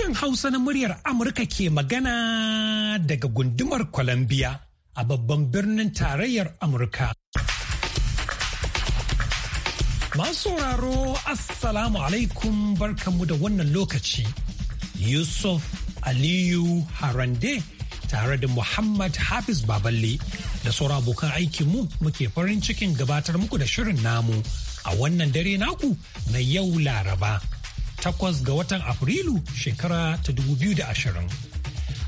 Sashen Hausa na muryar Amurka ke magana daga gundumar Columbia a babban birnin tarayyar Amurka. Masu sauraro Assalamu alaikum barkanmu da wannan lokaci. Yusuf Aliyu Harande tare da Muhammad Hafiz Baballe da sauran abokan aikinmu muke farin cikin gabatar muku da shirin namu a wannan dare naku na yau Laraba. takwas ga watan Afrilu shekara ta 2020.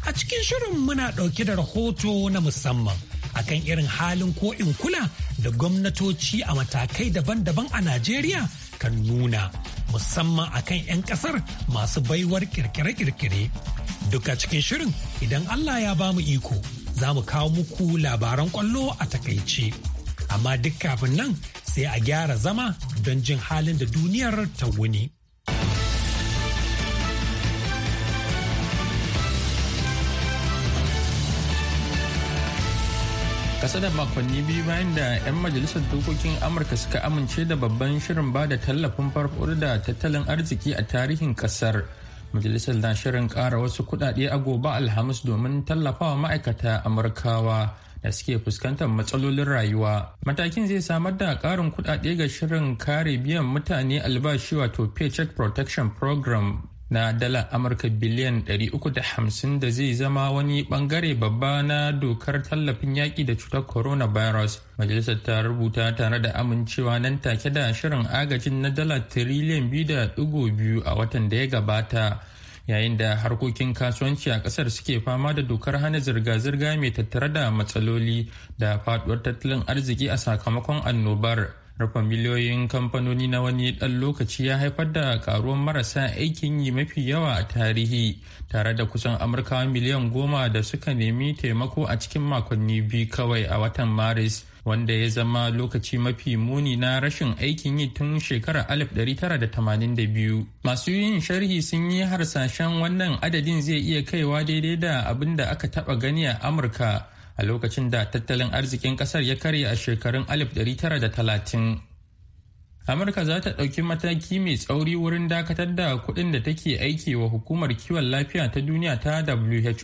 A cikin shirin muna ɗauke da rahoto na musamman akan irin halin ko in kula da gwamnatoci a matakai daban-daban a Najeriya kan nuna musamman akan 'yan ƙasar masu baiwar kirkire-kirkire. Duka cikin shirin idan Allah ya ba mu iko za mu kawo muku labaran kwallo a takaice. Amma duk kafin nan sai a gyara zama don jin halin da duniyar ta wuni. kasa da makonni biyu bayan da 'yan majalisar dokokin amurka suka amince da babban shirin ba da tallafin farko da tattalin arziki a tarihin kasar majalisar na shirin kara wasu kuɗaɗe a gobe alhamis domin tallafawa ma'aikata amurkawa da suke fuskantar matsalolin rayuwa matakin zai samar da karin kudade ga shirin kare biyan mutane albashi wato paycheck protection program na dalar amurka biliyan 350 da zai zama wani bangare babba na dokar tallafin yaƙi da cutar coronavirus majalisar ta rubuta tare da amincewa nan take da shirin agajin na dala tiriliyan 2.2 a watan da ya gabata yayin da harkokin kasuwanci a kasar suke fama da dokar hana zirga-zirga mai tattare da matsaloli da faduwar tattalin arziki a sakamakon annobar rufe miliyoyin kamfanoni na wani ɗan lokaci ya haifar da karuwar marasa aikin yi mafi yawa a tarihi tare da kusan amurkawa miliyan goma da suka nemi taimako a cikin makonni biyu kawai a watan maris wanda ya zama lokaci mafi muni na rashin aikin yi tun shekarar 1982 masu yin sharhi sun yi harsashen wannan adadin zai iya kaiwa daidai da abin da aka taba gani a amurka a lokacin da tattalin arzikin kasar ya karya a shekarun 1930 amurka za ta ɗauki mataki mai tsauri wurin dakatar da kuɗin da take aiki wa hukumar kiwon lafiya ta duniya ta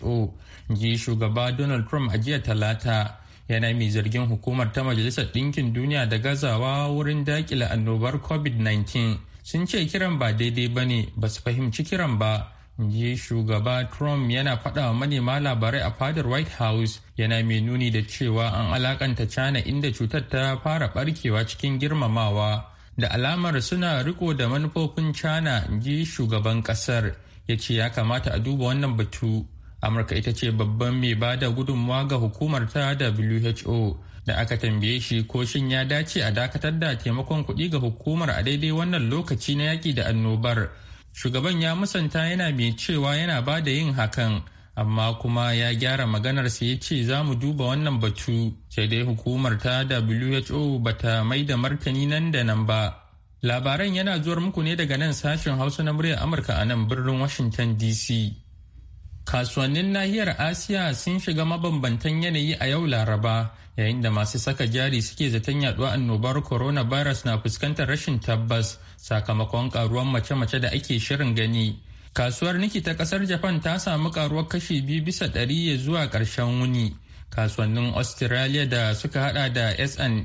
who ji shugaba donald trump a jiya talata yana mai zargin hukumar ta majalisar ɗinkin duniya da gazawa wurin daƙile annobar covid-19 sun ce kiran ba daidai ba ne ba su fahimci kiran ba ji shugaba trump yana faɗa wa manema labarai a fadar white house yana mai nuni da cewa an alakanta china inda cutar ta fara barkewa cikin girmamawa da alamar suna riko da manufofin china ji shugaban kasar ya ce ya kamata a duba wannan batu amurka ita ce babban mai bada da gudunmawa ga hukumar ta who da aka tambaye shi ko shin ya dace a dakatar da taimakon kuɗi ga hukumar a daidai wannan lokaci na yaki da annobar shugaban ya musanta yana mai cewa yana ba da yin hakan amma kuma ya gyara maganar maganarsa ya ce za mu duba wannan batu sai dai hukumar ta who bata mai da martani nan da nan ba labaran yana zuwar muku ne daga nan sashen hausa na muryar amurka a nan birnin washington dc kasuwannin nahiyar asiya sun shiga mabambantan yanayi a yau laraba yayin da masu saka jari suke zaton yaduwa annobar coronavirus na fuskantar rashin tabbas sakamakon karuwan mace-mace da ake shirin gani kasuwar niki ta kasar japan ta samu karuwar kashi biyu bisa ɗari ya zuwa ƙarshen wuni kasuwannin australia da suka hada da sna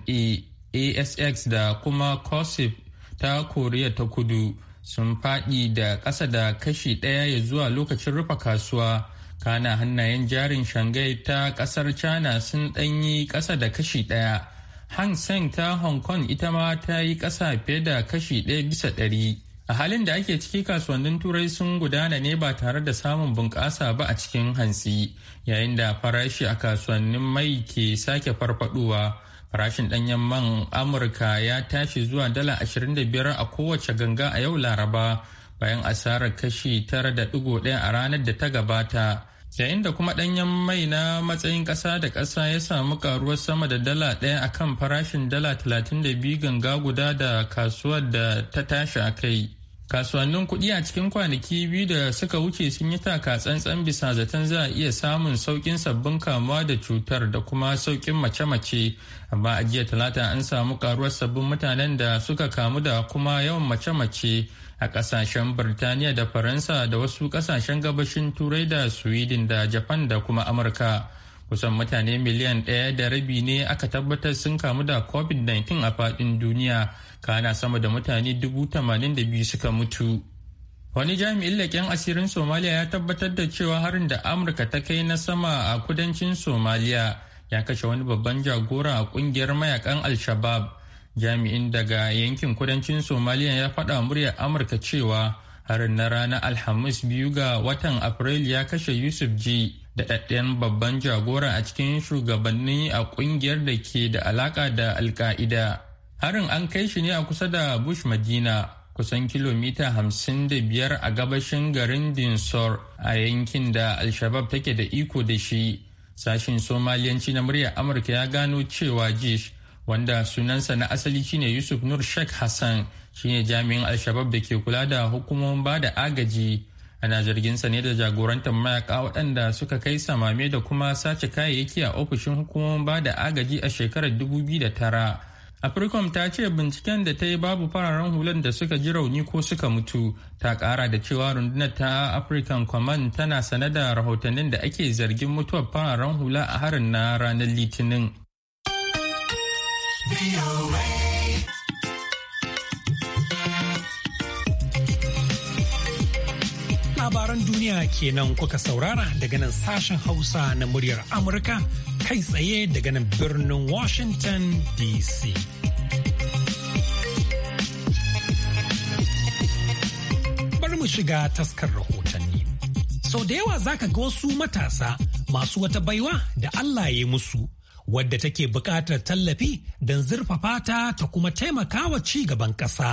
asx da kuma cosip ta koriya ta kudu sun faɗi da ƙasa da kashi ɗaya ya zuwa lokacin rufe kasuwa kana hannayen jarin shanghai ta ƙasar china sun ɗanyi ƙasa da kashi ɗaya hang seng ta hong kong ita ma ta yi ƙasa fiye da kashi ɗaya bisa ɗari a halin da ake ciki kasuwannin turai sun gudana ne ba tare da samun bunƙasa ba a cikin hantsi yayin da farashi a kasuwannin mai ke sake farfaɗowa Farashin ɗanyen man Amurka ya tashi zuwa dala 25 a kowace ganga a yau Laraba bayan asarar kashi tara da 9.1 a ranar da ta gabata. Yayin da kuma ɗanyen mai na matsayin ƙasa da ƙasa ya samu karuwar sama da dala ɗaya a kan farashin dala 32 ganga guda da kasuwar da ta tashi a kai. kasuwannin kuɗi a cikin kwanaki biyu da suka wuce sun yi taka tsantsan bisa zaton za a iya samun saukin sabbin kamuwa da cutar da kuma saukin mace-mace amma a jiya talata an samu karuwar sabbin mutanen da suka kamu da kuma yawan mace-mace a kasashen birtaniya da faransa da wasu kasashen gabashin turai da sweden da japan da kuma amurka kusan mutane miliyan ɗaya da rabi ne aka tabbatar sun kamu da covid-19 a faɗin duniya kana sama da mutane dubu tamanin da biyu suka mutu wani jami'in laƙen asirin somalia ya tabbatar da cewa harin da amurka ta kai na sama a kudancin somalia ya kashe wani babban jagora a ƙungiyar mayakan al-shabab jami'in daga yankin kudancin somalia ya faɗa muryar amurka cewa harin na ranar alhamis biyu ga watan afrilu ya kashe yusuf ji daɗaɗɗen babban jagora a cikin shugabanni a ƙungiyar da ke da alaƙa da alka'ida harin an kai shi ne a kusa da bush madina kusan kilomita hamsin da biyar a gabashin garin dinsor a yankin da alshabab take da iko da shi sashin somaliyanci na muryar amurka ya gano cewa jish wanda sunansa na asali shine yusuf nur sheikh hassan shine jami'in alshabab da ke kula da hukumomin ba da agaji ana jirginsa ne da jagorantar mayaka waɗanda suka kai samame da kuma sace kayayyaki a ofishin hukumomin ba da agaji a shekarar 2009 Africom ta ce binciken da ta yi babu fararen hulan da suka ji rauni ko suka mutu ta kara da cewa rundunar ta African Command tana sane da rahotannin da ake zargin mutuwar fararen hula a harin na ranar Litinin. Labaran duniya kenan kuka saurara daga nan sashen Hausa na muryar Amurka kai tsaye daga nan birnin Washington DC. mu shiga taskar rahotanni. Sau da yawa za ka ga wasu matasa masu wata baiwa da Allah ya yi musu, wadda take buƙatar tallafi don zurfafa ta ta kuma taimakawa ci gaban ƙasa.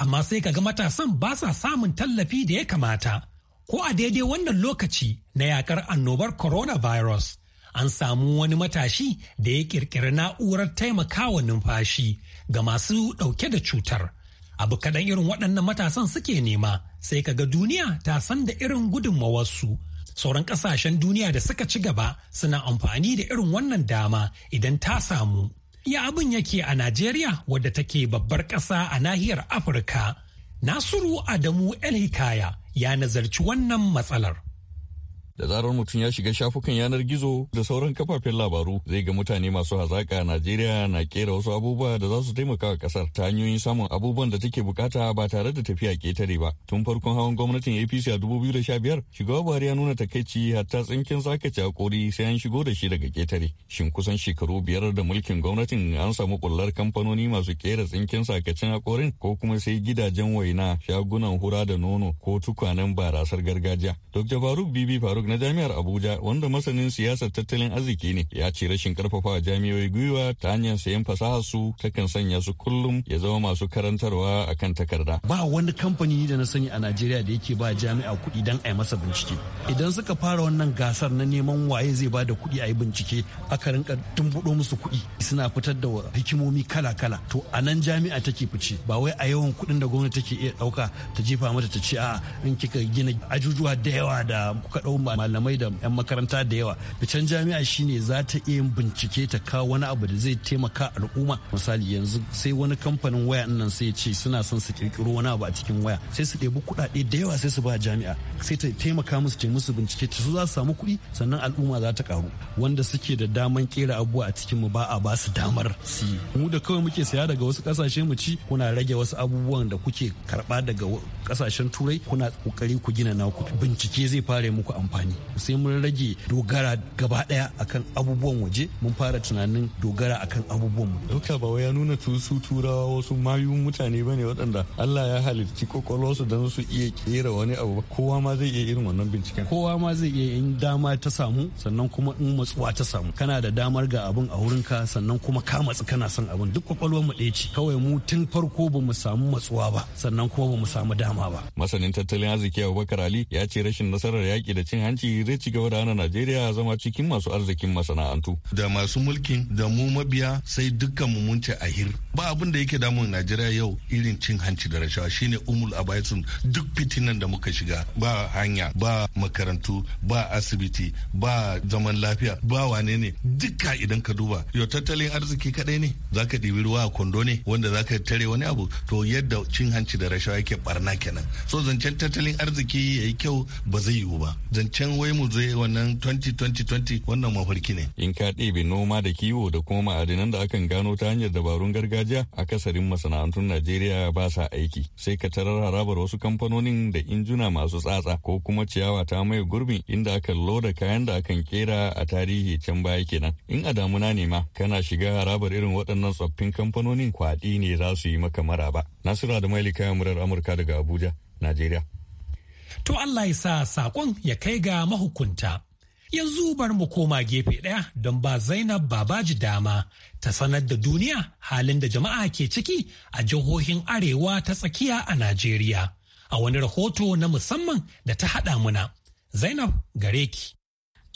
Amma sai ka ga matasan ba sa samun tallafi da ya kamata. Ko a daidai wannan lokaci na yakar annobar coronavirus. an samu wani matashi da ya ƙirƙiri na'urar taimakawa numfashi ga masu ɗauke da cutar. Abu kaɗan irin waɗannan matasan suke nema sai ka ga duniya ta san da irin gudunmawarsu sauran ƙasashen duniya da suka ci gaba suna amfani da irin wannan dama idan ta samu ya abin yake a najeriya wadda take babbar ƙasa a nahiyar afirka nasiru adamu el hikaya ya nazarci wannan matsalar da zarar mutum ya shiga shafukan yanar gizo da sauran kafafen labaru zai ga mutane masu hazaka najeriya na kera wasu abubuwa da za su taimaka wa kasar ta hanyoyin samun abubuwan da take bukata ba tare da tafiya ketare ba tun farkon hawan gwamnatin apc a 2015 shugaba buhari ya nuna takaici hatta tsinken zakaci a kori sai an shigo da shi daga ketare shin kusan shekaru biyar da mulkin gwamnatin an samu kullar kamfanoni masu kera tsinken sakacin hakorin ko kuma sai gidajen waina shagunan hura da nono ko tukwanen barasar gargajiya dr faruk bibi faruk na Jami'ar Abuja wanda masanin siyasar tattalin arziki ne ya ce rashin karfafa jami'oi gwiwa ta hanyar sayan fasaha su takan sanya su kullum ya zama masu karantarwa akan takarda. Ba wani kamfani da na sani a Najeriya da yake ba jami'a kuɗi dan a yi masa bincike. Idan suka fara wannan gasar na neman waye zai ba da kuɗi a yi bincike aka rinka tumbuɗo musu kuɗi suna fitar da hikimomi kala-kala to a nan jami'a take fice ba wai a yawan kuɗin da gwamnati take iya ɗauka ta jefa mata ta ce a'a in kika gina ajujuwa da yawa da kuka ɗau malamai da 'yan makaranta da yawa can jami'a shine za ta iya bincike ta kawo wani abu da zai taimaka al'umma misali yanzu sai wani kamfanin waya nan sai ce suna son su kirkiro wani abu a cikin waya sai su ɗebi kuɗaɗe da yawa sai su ba jami'a sai ta taimaka musu ta musu bincike ta su za su samu kuɗi sannan al'umma za ta karu wanda suke da daman kera abubuwa a cikin mu ba a ba su damar su yi mu da kawai muke saya daga wasu kasashe mu ci kuna rage wasu abubuwan da kuke karba daga kasashen turai kuna kokari ku gina naku bincike zai fare muku amfani amfani sai mun rage dogara gaba daya akan abubuwan waje mun fara tunanin dogara akan abubuwan mu duka ba ya nuna su turawa wasu mayun mutane bane waɗanda Allah ya halicci su don su iya kera wani abu kowa ma zai iya irin wannan binciken kowa ma zai iya in dama ta samu sannan kuma in matsuwa ta samu kana da damar ga abin a wurin ka sannan kuma ka matsu kana son abin duk kwakwalwar mu ɗaya ce kawai mu tun farko ba mu samu matsuwa ba sannan kuma ba mu samu dama ba masanin tattalin arziki Abubakar Ali ya ce rashin nasarar yaki da cin hanci ta'addanci zai ci gaba da hana Najeriya zama cikin masu arzikin masana'antu. Da masu mulkin da mu mabiya sai dukkan mu mun ci ahir. Ba abin da yake damun Najeriya yau irin cin hanci da rashawa shine umul abaisun duk fitinan da muka shiga ba hanya ba makarantu ba asibiti ba zaman lafiya ba wane ne dukka idan ka duba yo tattalin arziki kadai ne zaka ɗibi ruwa a kwando ne wanda zaka tare wani abu to yadda cin hanci da rashawa yake barna kenan so zancen tattalin arziki yayi kyau ba zai yiwu ba zancen can wai mu zai wannan 2020 wannan mafarki ne. In ka ɗebe noma da kiwo da kuma ma'adinan da akan gano ta hanyar dabarun gargajiya akasarin masana'antun Najeriya ba sa aiki sai ka tarar harabar wasu kamfanonin da injuna masu tsatsa ko kuma ciyawa ta mai gurbin inda akan loda kayan da akan kera a tarihi can baya kenan. In a damuna ne ma kana shiga harabar irin waɗannan tsoffin kamfanonin kwaɗi ne za su yi maka maraba. Nasira da Mailika Murar Amurka daga Abuja, Najeriya. To Allah ya sa saƙon ya kai ga mahukunta. Yanzu bar mu koma gefe ɗaya don ba Zainab Babaji dama ta sanar da duniya halin da jama'a ke ciki a jihohin Arewa ta tsakiya a Najeriya. A wani rahoto na musamman da ta haɗa muna. Zainab Gareki.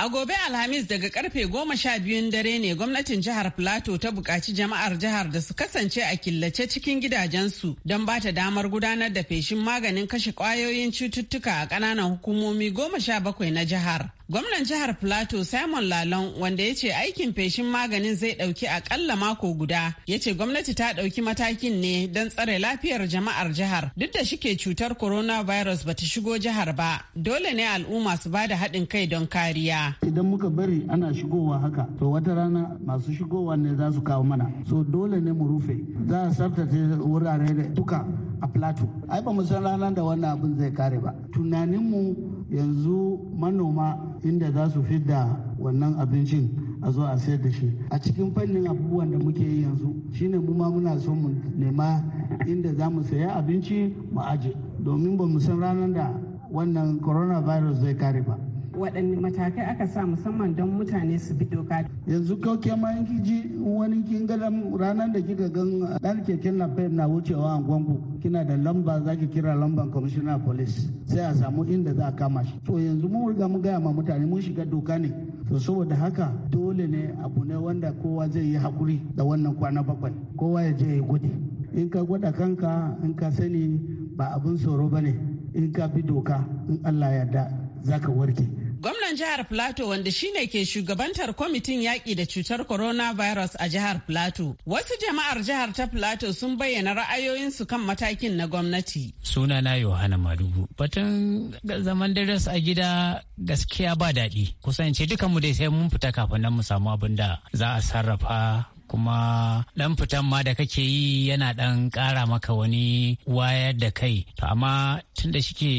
A gobe Alhamis daga karfe goma sha biyun dare ne gwamnatin jihar Plateau ta bukaci jama'ar jihar da su kasance a killace cikin gidajensu don ba ta damar gudanar da feshin maganin kashe kwayoyin cututtuka a ƙananan hukumomi goma sha bakwai na jihar. Gwamnan jihar Plateau Simon Lalon wanda ya ce aikin feshin maganin zai ɗauki akalla mako guda ya ce gwamnati ta ɗauki matakin ne don tsare lafiyar jama'ar jihar duk da shike cutar coronavirus bata shigo jihar ba dole ne al'umma su bada haɗin kai don kariya. Idan muka bari ana shigowa haka to wata rana masu shigowa ne za su kawo mana so dole ne mu rufe za a tsaftace wurare duka a Plateau. Ai ba mu san ranar da wannan abin zai kare ba tunaninmu yanzu manoma inda za su fidda wannan abincin a zo a sayar da shi a cikin fannin abubuwan da muke yi yanzu shine mu ma muna so mu nema inda za mu saya abinci mu aje domin ba mu san ranar da wannan coronavirus zai kare ba waɗanne matakai aka sa musamman don mutane su bi doka. Yanzu kauke ma in kiji wani kin ga ranar da kika gan ah, ɗan keken na na wucewa a gwangu kina da lamba za ki kira lamban commissioner police sai a samu inda za a kama shi. To yanzu mun riga mun gaya ma mutane mun shiga doka ne. To saboda haka dole ne abu ne wanda kowa zai yi hakuri da wannan kwana bakwai kowa ya je ya gudu. In ka gwada kanka in ka sani ba abin tsoro ba ne in ka bi doka in Allah ya da za ka warke Gwamnan jihar Plateau wanda shine ke shugabantar kwamitin yaƙi da cutar corona virus a jihar Plateau. Wasu jama'ar jihar ta Plateau sun bayyana ra'ayoyinsu kan matakin na gwamnati. Sunana Yohana Madugu. Batun zaman dare a gida gaskiya ba daɗi. Kusan ce mu dai sai mun fita kafin nan mu samu abin da za a sarrafa kuma dan fitan ma da kake yi yana dan kara maka wani wayar da kai to amma tun da shike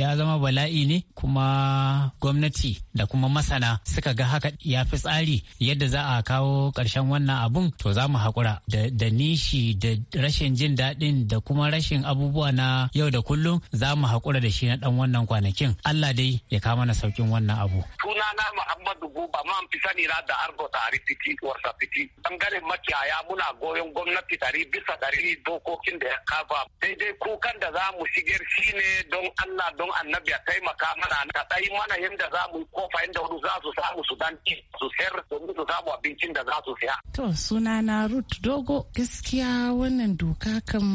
ya zama bala'i ne kuma gwamnati da kuma masana suka ga haka ya fi tsari yadda za a kawo karshen wannan abun to za mu haƙura da nishi da rashin jin daɗin da kuma rashin abubuwa na yau da kullum za mu haƙura da shi na ɗan wannan kwanakin Allah dai ya kama na saukin wannan abu. Sunana Muhammadu Buba man fi sani na da Argo Tari Fiti Fiti. bangaren makiyaya muna goyon gwamnati dari bisa dari dokokin da ya kafa daidai kukan da za mu shigar shi ne don Allah don annabi ya taimaka mana na tsayi mana yadda za mu kofa yadda wani za su samu su dan su sayar domin su samu abincin da za su siya. To suna na Ruth Dogo gaskiya wannan doka kam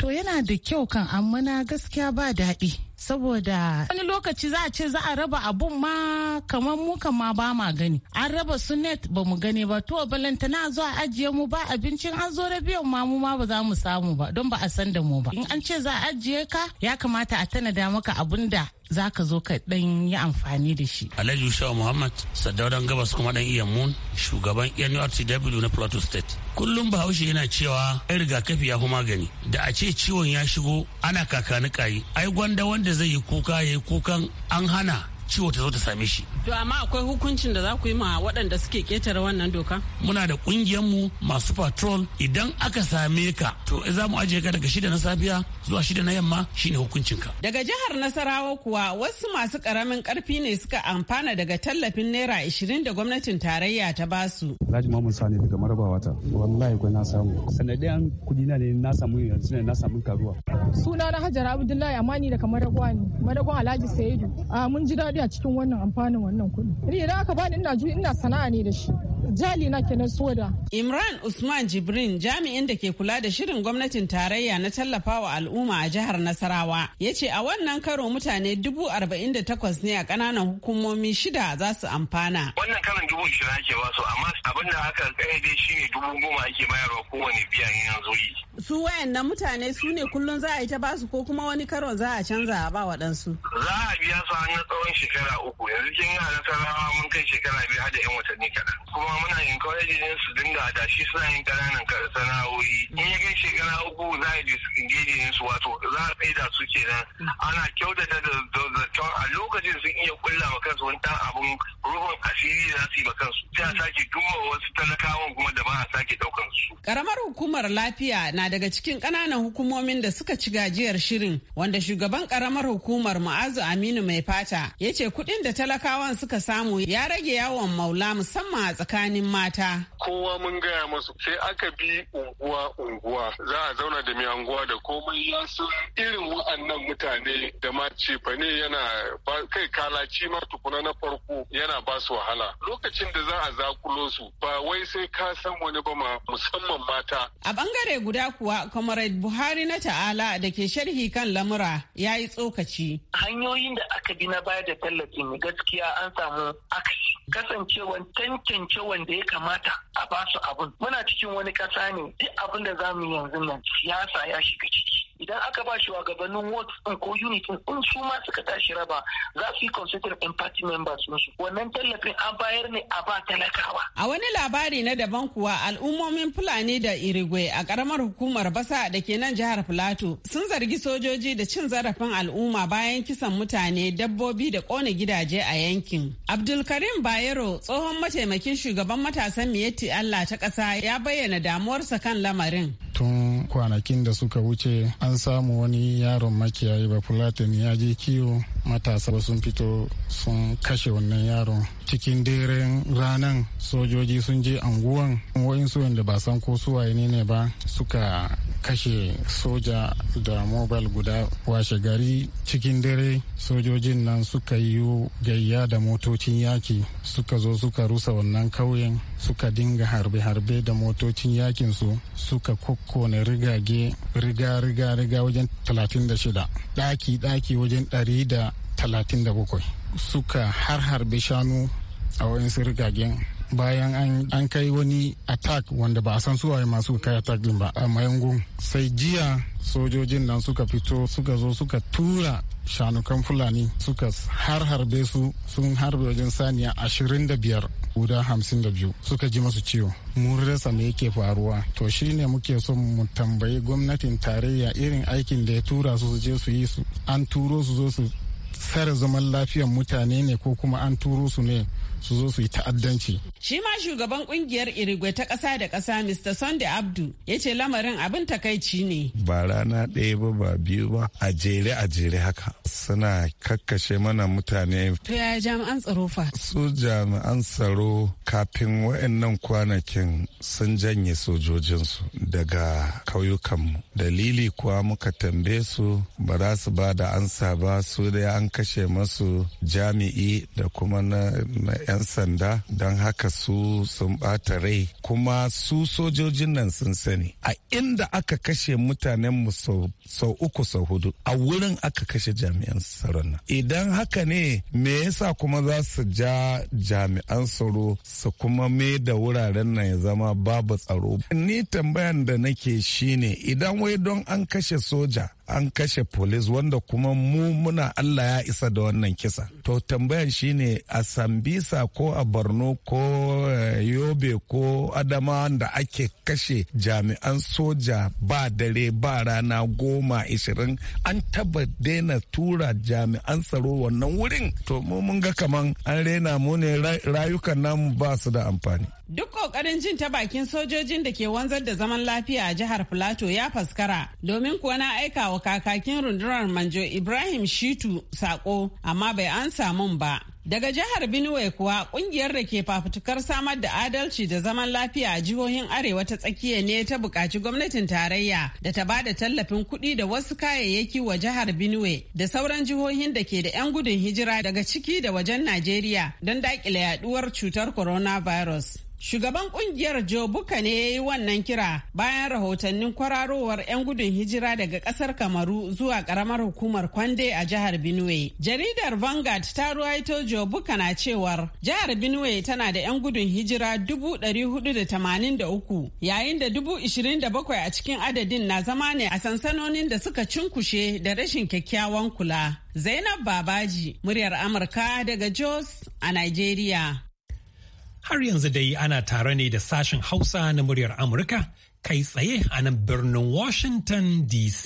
to yana da kyau kan amma na gaskiya ba daɗi saboda wani lokaci za a ce za a raba abun ma kamar mu kama ba ma gani an raba su net ba mu gani ba to balanta na zo a ajiye mu ba abincin an zo rabiyan ma mu ma ba za mu samu ba don ba a san da mu ba in an ce za a ajiye ka ya kamata a tanada maka abun da za ka zo ka ɗan yi amfani da shi. Alhaji Ushawa Muhammad Sadaudan Gabas kuma ɗan iya mun shugaban NURTW na Plateau State. Kullum Bahaushe yana cewa ai rigakafi ya fi magani da a ce ciwon ya shigo ana kakani kayi ai gwanda wanda zai yi kuka ya kukan an hana ciwo ta zo ta same shi. To amma akwai hukuncin da za ku yi ma waɗanda suke ketare wannan doka? Muna da mu masu patrol idan aka same ka to za mu ajiye ka daga shida na safiya zuwa shida na yamma shine hukuncinka. Daga jihar Nasarawa kuwa wasu masu ƙaramin ƙarfi ne suka amfana daga tallafin naira ishirin da gwamnatin tarayya ta basu. Alhaji Mamman Sani daga Maraba ta wallahi ko na samu sanadiyan kuɗi na ne na samu yanzu na samu karuwa. Suna na Hajara Abdullahi Amani daga Maragwa ne Maragwa Alhaji Sayidu. Ah, mun ji daɗi tafiya cikin wannan amfanin wannan kuɗi. Ni idan aka bani ina juyi ina sana'a ne da shi. Jali na kenan soda. Imran Usman Jibrin jami'in da ke kula da shirin gwamnatin tarayya na tallafawa al'umma a jihar Nasarawa ya ce a wannan karo mutane dubu arba'in da takwas ne a ƙananan hukumomi shida za su amfana. Wannan karin dubu shirin ake wasu amma abin da aka ƙayyade shi ne dubu goma ake bayarwa kowane biyan yanzu yi. su na mutane su ne kullum za a yi ta basu ko kuma wani karo za a canza a ba waɗansu. Za a biya su hanyar tsawon shekara uku yanzu kin ga na tarawa mun kai shekara biyu har da yan watanni kaɗan. Kuma muna yin kawai ne su dinga shi suna yin ƙananan sana'o'i. In ya kai shekara uku za a yi su wato za a tsaida su kenan ana kyautata da cewa a lokacin sun iya kulla ma kansu wani dan abun ruhun asiri da su yi ma kansu sai a sake duma wasu talakawan kuma da ba a sake daukan su karamar hukumar lafiya na daga cikin ƙananan hukumomin da suka ci gajiyar shirin wanda shugaban karamar hukumar ma'azu aminu mai fata ya ce kuɗin da talakawan suka samu ya rage yawon maula musamman a tsakanin mata kowa mun gaya masu sai aka bi unguwa unguwa za a zauna da mai unguwa da komai ya irin wa'annan mutane da ma cefane yana kai kalaci ma tukuna na farko yana ba su wahala lokacin da za a zakulo su ba wai sai ka san wani ba ma musamman mata a bangare guda kuwa comrade buhari na ta'ala da ke sharhi kan lamura ya yi tsokaci hanyoyin da aka bi na baya da tallafi ne, gaskiya an samu aka kasancewan tantance wanda ya kamata a ba su abun muna cikin wani ƙasa ne duk abin da za mu yanzu nan siyasa ya shiga ciki idan aka ba shi gabanin ward ko unit in su ma suka tashi raba za su yi consider in party members musu wannan tallafin an bayar ne a ba talakawa a wani labari na daban kuwa al'ummomin fulani da irigwe a karamar hukumar basa da ke nan jihar plateau sun zargi sojoji da cin zarafin al'umma bayan kisan mutane dabbobi da kone gidaje a yankin abdulkarim bayero tsohon mataimakin shugaban matasan miyetti allah ta ƙasa ya bayyana damuwarsa kan lamarin tun kwanakin da suka wuce an samu wani yaron makiyayi ba fulatin ya je kiwo matasa sun fito sun kashe wannan yaron cikin daren ranan sojoji sun je anguwan wa'insu wanda ba san ko suwaye ne ne ba suka kashe soja da mobile guda washe gari cikin dare sojojin nan suka yi gayya da motocin yaki suka zo suka rusa wannan kauyen suka dinga harbe-harbe da motocin yakin su suka kokkone rigage riga-riga-riga wajen 36 daki-daki wajen 137 suka har shanu a wayansu rigagen bayan an kai wani attack wanda ba a san suwaye masu kai attack din ba a mayangun sai jiya sojojin nan suka fito suka zo suka tura shanukan fulani suka harharbe su sun harbe wajen saniya ashirin da biyar. guda hamsin da biyu. suka ji masu ciwo mun rasa me yake faruwa to shi ne muke son mu tambayi gwamnatin tarayya irin aikin da ya tura su su je su yi su an turo su zo su tsare zaman lafiyan mutane ne ko kuma an turo su ne su zo su yi ta'addanci. Shi ma shugaban kungiyar Irigwe ta ƙasa da ƙasa Mr. Sunday Abdu ya ce lamarin abin takaici ne. Ba rana ɗaya ba ba biyu ba a jere a jere haka suna kakkashe mana mutane. To ya jami'an tsaro fa? Su jami'an tsaro kafin wa'annan kwanakin sun janye sojojinsu daga mu Dalili kuwa muka tambaye su ba za su ba da ansa ba su da an kashe masu jami'i da kuma na 'yan sanda don haka su sun bata rai kuma su sojojin nan sun sani a inda aka kashe mutanen mu sau uku sau hudu a wurin aka kashe jami'an tsaron nan idan haka ne me yasa kuma za su ja jami'an tsaro su kuma me da wuraren nan ya zama babu tsaro ni tambayan da nake shine idan wai don an kashe soja an kashe polis wanda kuma mu muna Allah ya isa da wannan kisa. To tambayan shine a Sambisa ko a Borno ko eh, Yobe ko Adama da ake kashe jami'an soja ba dare ba rana goma ishirin an taba daina tura jami'an tsaro wannan wurin. To mu mun ga kaman an rena mu ne rayukan namu ba su da amfani. Duk kokarin jin ta bakin sojojin da ke wanzar da zaman lafiya a jihar Filato ya faskara domin kuwa na aika wa kakakin rundunar manjo Ibrahim Shitu sako amma bai an samun ba. Daga jihar Benue kuwa kungiyar da ke fafutukar samar da adalci da zaman lafiya a jihohin Arewa ta tsakiya ne ta bukaci gwamnatin tarayya da ta bada tallafin kuɗi da wasu kayayyaki wa jihar Benue da sauran jihohin da ke da 'yan gudun hijira daga ciki da wajen Najeriya don daƙile yaduwar cutar coronavirus. Shugaban kungiyar Joe Buka ne ya yi wannan kira bayan rahotannin kwararowar 'yan gudun hijira daga kasar Kamaru zuwa karamar hukumar Kwande a jihar Benue. Jaridar Vanguard ta ruwaito Joe Buka na cewar jihar Benue tana da 'yan gudun hijira 483 yayin da 27 a cikin adadin na zama ne a sansanonin da suka cinkushe da rashin kyakkyawan kula. Zainab Babaji, muryar Amurka daga Jos a Nigeria. har yanzu dai ana tare ne da sashen Hausa na muryar Amurka kai tsaye a nan birnin Washington DC.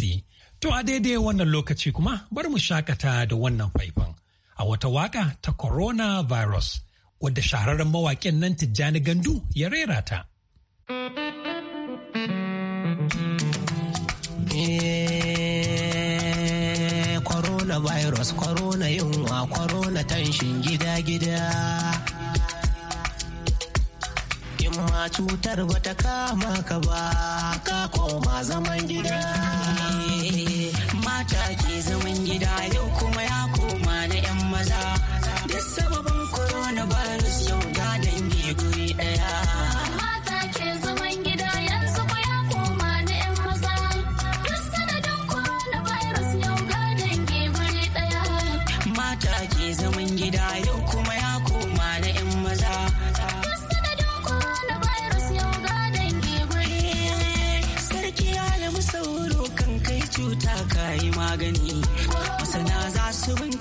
To a daidai wannan lokaci kuma bar mu shakata da wannan faifan a wata waka ta coronavirus wadda shahararren mawaƙin nan Tijjani Gandu ya rera ta. Eh, corona virus, corona yunwa, corona tanshin gida-gida. ma cutar ba ta kama ka ba ka koma zaman gida mata ke zaman gida yau kuma ya koma na 'yan maza da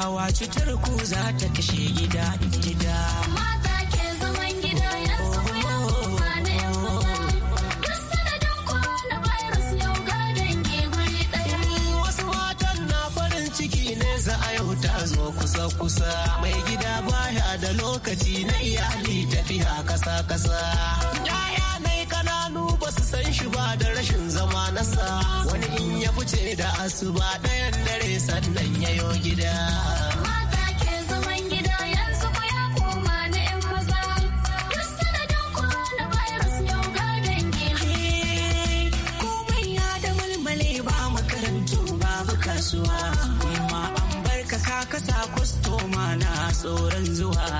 talakawa cutar za ta kashe gida gida. Mata ke zaman gida yanzu ya kuma na yanzu. Duk sanadin corona virus yau ga dange guri ɗaya. Wasu matan na farin ciki ne za a yau ta zo kusa kusa. Mai gida baya da lokaci na iyali tafi a ƙasa-ƙasa. ba ɗayan dare sannan yayo gida. Mata ke zaman gida yanzu ko ya koma na 'yan maza. Duk sanadin coronavirus yau gardan gini. Komai ya da mulmule ba makarantu babu kasuwa. Amma an barka ka kasa kwastoma na tsoron zuwa.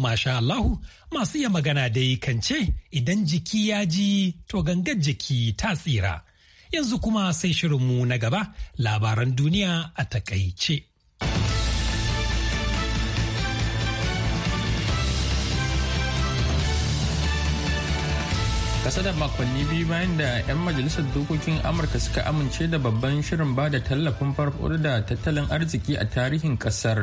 masha Allahu masu iya magana dai kan ce idan jiki ya ji to gangar jiki ta tsira. Yanzu kuma sai shirinmu na gaba labaran duniya a takaice. kasa da makonni biyu bayan da 'yan majalisar dokokin amurka suka amince da babban shirin ba da tallafin farko da tattalin arziki a tarihin kasar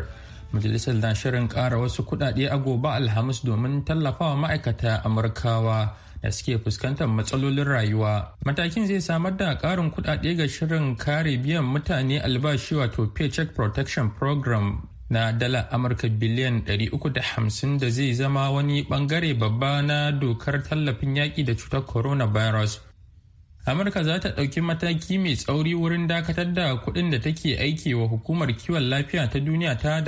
majalisar na shirin kara wasu kuɗaɗe a gobe alhamis domin tallafawa ma'aikata amurkawa da suke fuskantar matsalolin rayuwa matakin zai samar da ƙarin kuɗaɗe ga shirin kare biyan mutane albashi wato paycheck protection program na dala amurka biliyan 350 da zai zama wani bangare babba na dokar tallafin yaƙi da cutar coronavirus amurka za ta ɗauki mataki mai tsauri wurin dakatar da kuɗin da take aiki wa hukumar kiwon lafiya ta duniya ta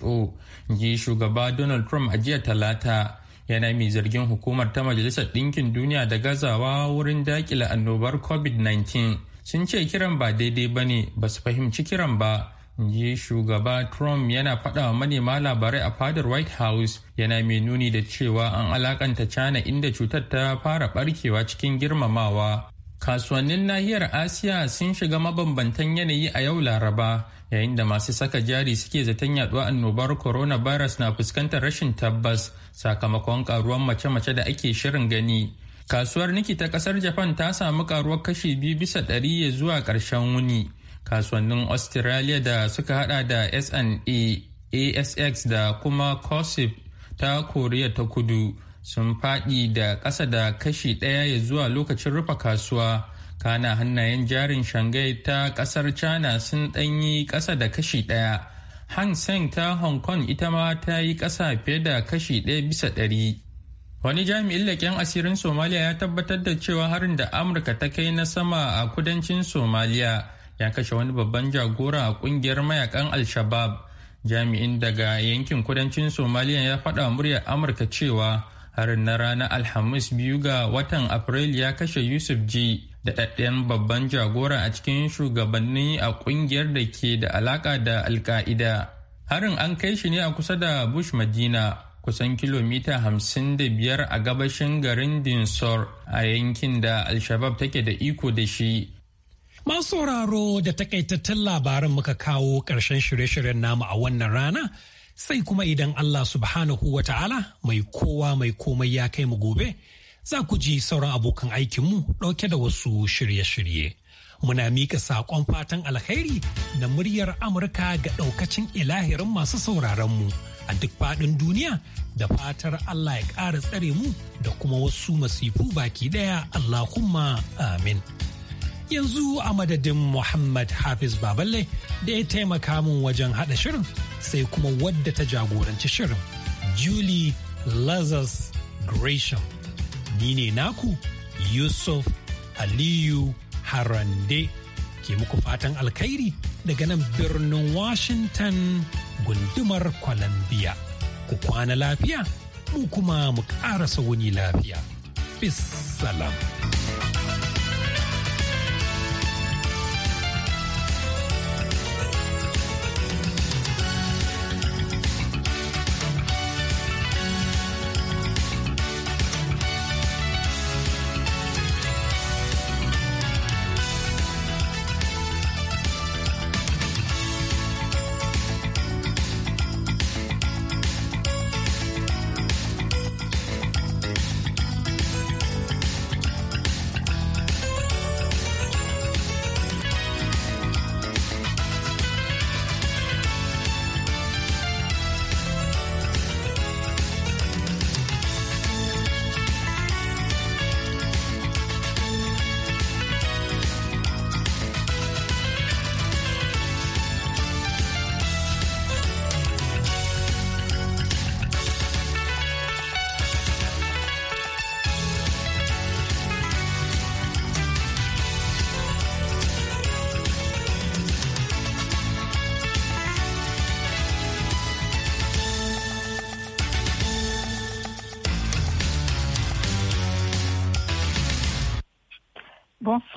who ji shugaba donald trump a jiya talata yana mai zargin hukumar ta majalisar ɗinkin duniya da gazawa wurin dakila annobar covid-19 sun ce kiran ba daidai ba ne ba su fahimci kiran ba ji shugaba trump yana faɗa wa manema labarai a fadar white house yana mai nuni da cewa an alakanta china inda cutar ta fara barkewa cikin girmamawa kasuwannin nahiyar asiya sun shiga mabambantan yanayi a yau laraba yayin da masu saka jari suke zaton yaduwa annobar coronavirus na fuskantar rashin tabbas sakamakon karuwan mace-mace da ake shirin gani kasuwar niki ta kasar japan ta samu karuwar kashi biyu bisa ɗari ya zuwa ƙarshen wuni kasuwannin australia da suka hada da sna asx da kuma cosip ta koriya ta kudu sun faɗi da ƙasa da kashi ɗaya ya zuwa lokacin rufe kasuwa kana hannayen jarin shanghai ta ƙasar china sun ɗanyi ƙasa da kashi ɗaya hang seng ta hong kong ita ma ta yi ƙasa fiye da kashi ɗaya bisa ɗari wani jami'in leƙen asirin somaliya ya tabbatar da cewa harin da amurka ta kai na sama a kudancin somaliya ya kashe wani babban jagora a ƙungiyar mayakan al-shabab jami'in daga yankin kudancin somaliya ya faɗa muryar amurka cewa harin na ranar alhamis biyu ga watan april ya kashe yusuf ji da daɗaɗɗen babban jagora a cikin shugabanni a ƙungiyar da ke da alaƙa da alka'ida harin an kai shi ne a kusa da bush madina kusan kilomita hamsin da biyar a gabashin garin dinsor a yankin da alshabab take da iko da shi masu sauraro da takaitattun labarin muka kawo ƙarshen shirye-shiryen namu a wannan rana sai kuma idan Allah subhanahu wa ta'ala mai kowa mai komai ya kai mu gobe za ku ji sauran abokan aikinmu ɗauke da wasu shirye-shirye. Muna mika saƙon fatan alheri da muryar Amurka ga ɗaukacin ilahirin masu sauraronmu a duk faɗin duniya da fatar Allah ya ƙara tsare mu da kuma wasu masifu baki ɗaya Allahumma amin. Yanzu a madadin Muhammad Hafiz Baballe da ya taimaka min wajen haɗa shirin. sai kuma wadda ta jagoranci shirin Julie Lazarus Gresham. Ni ne naku Yusuf Aliyu Harande ke muku fatan alkhairi daga nan birnin Washington gundumar Columbia. Ku kwana lafiya, mu kuma mu ƙara wuni lafiya. Bis salam.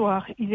il